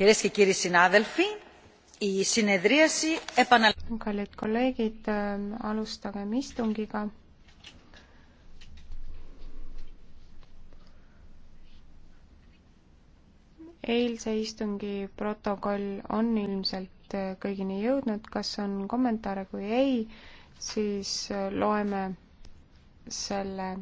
Κυρίες και κύριοι συνάδελφοι, η συνεδρίαση επαναλαμβάνει. Kallid kolleegid, ähm, alustagem istungiga. Eilse istungi protokoll on ilmselt äh, kõigini jõudnud. Kas on kommentaare? Kui ei, siis äh, loeme selle